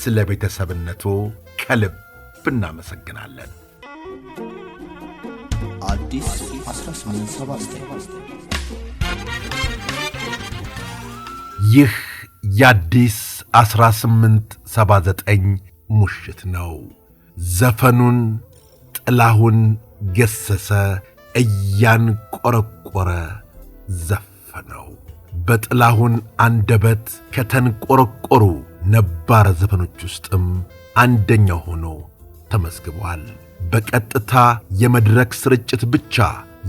ስለ ቤተሰብነቱ ከልብ እናመሰግናለን። ይህ የአዲስ 1879 ሙሽት ነው። ዘፈኑን ጥላሁን ገሰሰ እያንቆረቆረ ዘፈነው። በጥላሁን አንደበት ከተንቆረቆሩ ነባር ዘፈኖች ውስጥም አንደኛው ሆኖ ተመዝግቧል። በቀጥታ የመድረክ ስርጭት ብቻ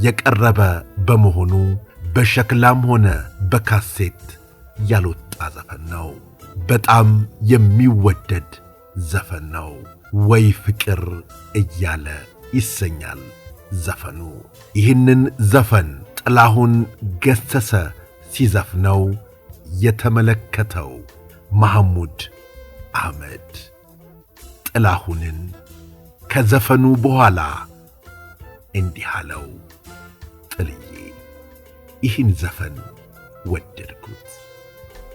የቀረበ በመሆኑ በሸክላም ሆነ በካሴት ያልወጣ ዘፈን ነው። በጣም የሚወደድ ዘፈን ነው። ወይ ፍቅር እያለ ይሰኛል ዘፈኑ። ይህንን ዘፈን ጥላሁን ገሰሰ ሲዘፍነው የተመለከተው መሐሙድ አህመድ ጥላሁንን ከዘፈኑ በኋላ እንዲህ አለው። ጥልዬ ይህን ዘፈን ወደድኩት፣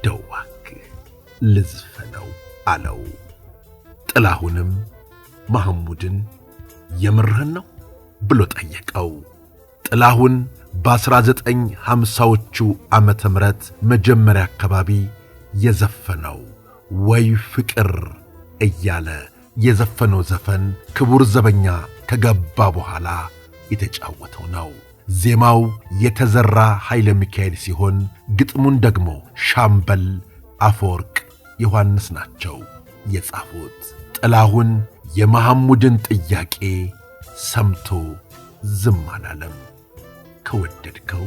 ደዋክህ ልዝፈነው አለው። ጥላሁንም መሐሙድን የምርህን ነው ብሎ ጠየቀው። ጥላሁን በ1950ዎቹ ዓመተ ምህረት መጀመሪያ አካባቢ የዘፈነው ወይ ፍቅር እያለ የዘፈነው ዘፈን ክቡር ዘበኛ ከገባ በኋላ የተጫወተው ነው። ዜማው የተዘራ ኃይለ ሚካኤል ሲሆን ግጥሙን ደግሞ ሻምበል አፈወርቅ ዮሐንስ ናቸው የጻፉት። ጥላሁን የመሐሙድን ጥያቄ ሰምቶ ዝም አላለም። ከወደድከው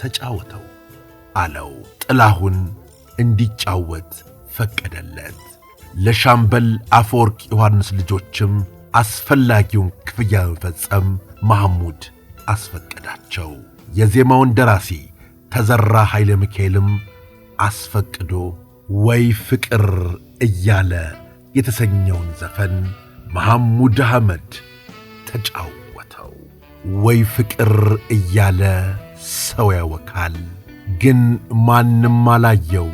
ተጫወተው አለው ጥላሁን እንዲጫወት ፈቀደለት። ለሻምበል አፈወርቅ ዮሐንስ ልጆችም አስፈላጊውን ክፍያ መፈጸም ማህሙድ አስፈቀዳቸው። የዜማውን ደራሲ ተዘራ ኃይለ ሚካኤልም አስፈቅዶ ወይ ፍቅር እያለ የተሰኘውን ዘፈን መሐሙድ አህመድ ተጫወተው። ወይ ፍቅር እያለ ሰው ያወካል ግን ማንም አላየው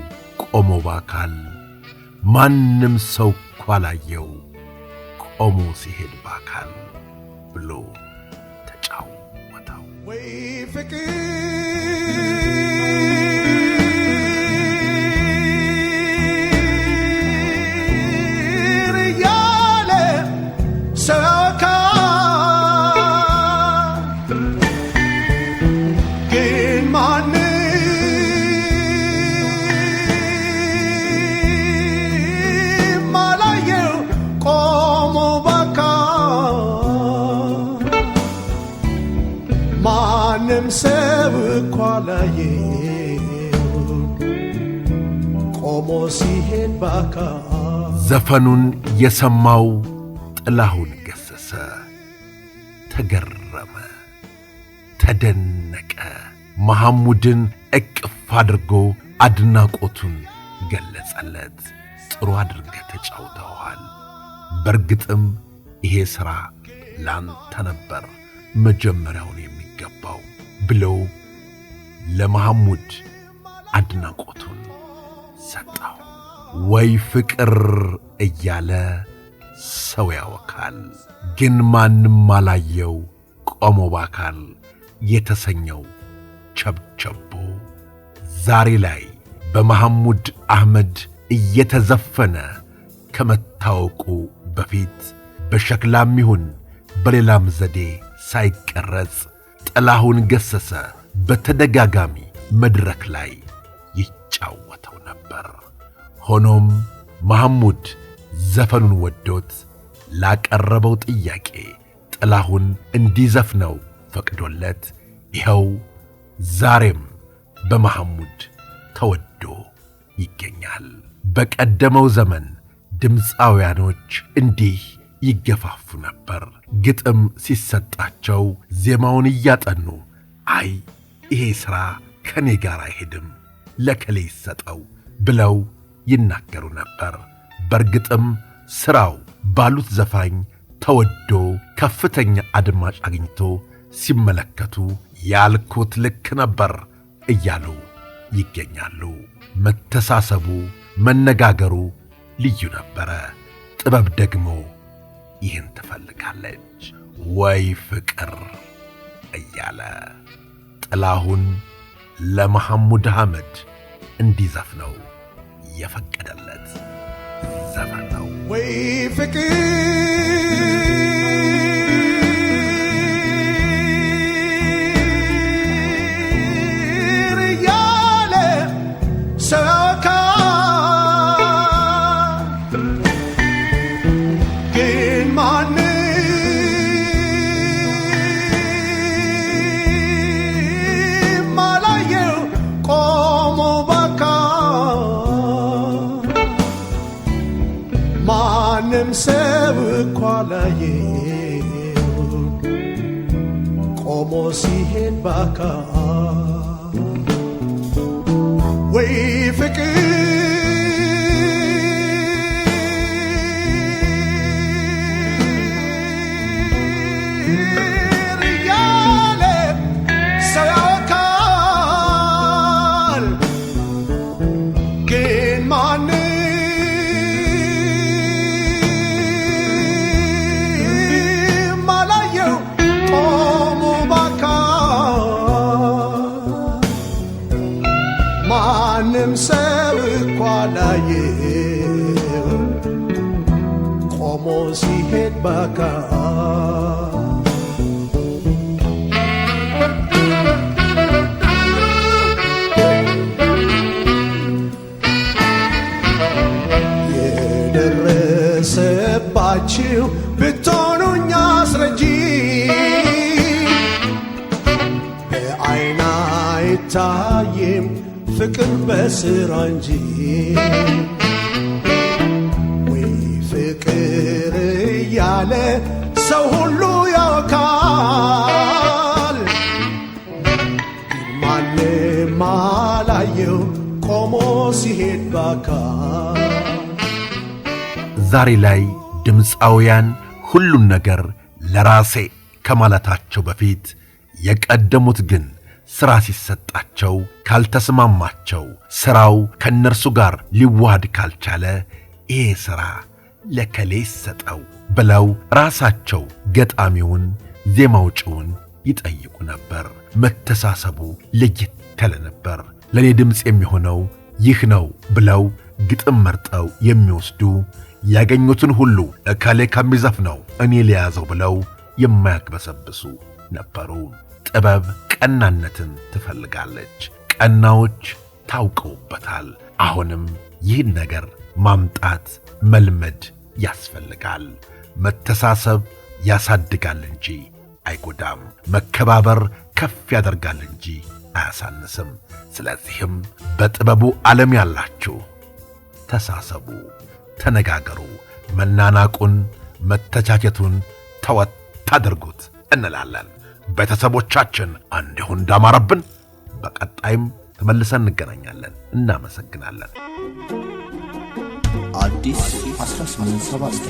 ቆሞ ባካል ማንም ሰው እኮ አላየው ቆሞ ሲሄድ ባካል ብሎ ተጫወተው ወይ ፍቅር Good morning. ሰው እኳ ቆሞ ሲሄድ ባካ ዘፈኑን የሰማው ጥላሁን ገሰሰ ተገረመ፣ ተደነቀ። መሐሙድን እቅፍ አድርጎ አድናቆቱን ገለጸለት። ጥሩ አድርገ ተጫውተዋል። በእርግጥም ይሄ ሥራ ላንተ ነበር መጀመሪያውን የሚገባው ብለው ለመሐሙድ አድናቆቱን ሰጠው። ወይ ፍቅር እያለ ሰው ያወካል፣ ግን ማንም አላየው ቆሞ ባካል የተሰኘው ቸብቸቦ ዛሬ ላይ በመሐሙድ አህመድ እየተዘፈነ ከመታወቁ በፊት በሸክላም ይሁን በሌላም ዘዴ ሳይቀረጽ ጥላሁን ገሰሰ በተደጋጋሚ መድረክ ላይ ይጫወተው ነበር። ሆኖም መሐሙድ ዘፈኑን ወዶት ላቀረበው ጥያቄ ጥላሁን እንዲዘፍነው ፈቅዶለት ይኸው ዛሬም በመሐሙድ ተወዶ ይገኛል። በቀደመው ዘመን ድምፃውያኖች እንዲህ ይገፋፉ ነበር። ግጥም ሲሰጣቸው ዜማውን እያጠኑ አይ ይሄ ሥራ ከእኔ ጋር አይሄድም፣ ለከሌ ይሰጠው ብለው ይናገሩ ነበር። በእርግጥም ሥራው ባሉት ዘፋኝ ተወዶ ከፍተኛ አድማጭ አግኝቶ ሲመለከቱ ያልኩት ልክ ነበር እያሉ ይገኛሉ። መተሳሰቡ፣ መነጋገሩ ልዩ ነበረ። ጥበብ ደግሞ ይህን ትፈልጋለች ወይ ፍቅር እያለ ጥላሁን ለመሐሙድ አህመድ እንዲዘፍነው የፈቀደለት ዘፈን ነው ወይ ፍቅር ማንም ሰው እኳ ላየው ቆሞ ሲሄድ ባካ ወይ ፍቅር bakar የደረሰባችሁ ብትሆኑኝ አስረጂ በአይና አይታይም ፍቅር በስራ እንጂ ይቅር እያለ ሰው ሁሉ ያውካል። ማንም አላየው ቆሞ ሲሄድ ባካል። ዛሬ ላይ ድምፃውያን ሁሉን ነገር ለራሴ ከማለታቸው በፊት የቀደሙት ግን ሥራ ሲሰጣቸው ካልተስማማቸው ሥራው ከእነርሱ ጋር ሊዋሃድ ካልቻለ ይሄ ሥራ ለከሌ ሰጠው ብለው ራሳቸው ገጣሚውን ዜማ አውጪውን ይጠይቁ ነበር። መተሳሰቡ ለየት ያለ ነበር። ለእኔ ድምፅ የሚሆነው ይህ ነው ብለው ግጥም መርጠው የሚወስዱ ያገኙትን ሁሉ እከሌ ነው እኔ ሊያዘው ብለው የማያግበሰብሱ ነበሩ። ጥበብ ቀናነትን ትፈልጋለች። ቀናዎች ታውቀውበታል። አሁንም ይህን ነገር ማምጣት መልመድ ያስፈልጋል። መተሳሰብ ያሳድጋል እንጂ አይጎዳም። መከባበር ከፍ ያደርጋል እንጂ አያሳንስም። ስለዚህም በጥበቡ ዓለም ያላችሁ ተሳሰቡ፣ ተነጋገሩ፣ መናናቁን መተቻቸቱን ተወት አድርጉት እንላለን። ቤተሰቦቻችን እንዲሁ እንዳማረብን፣ በቀጣይም ተመልሰን እንገናኛለን። እናመሰግናለን። አዲስ 1879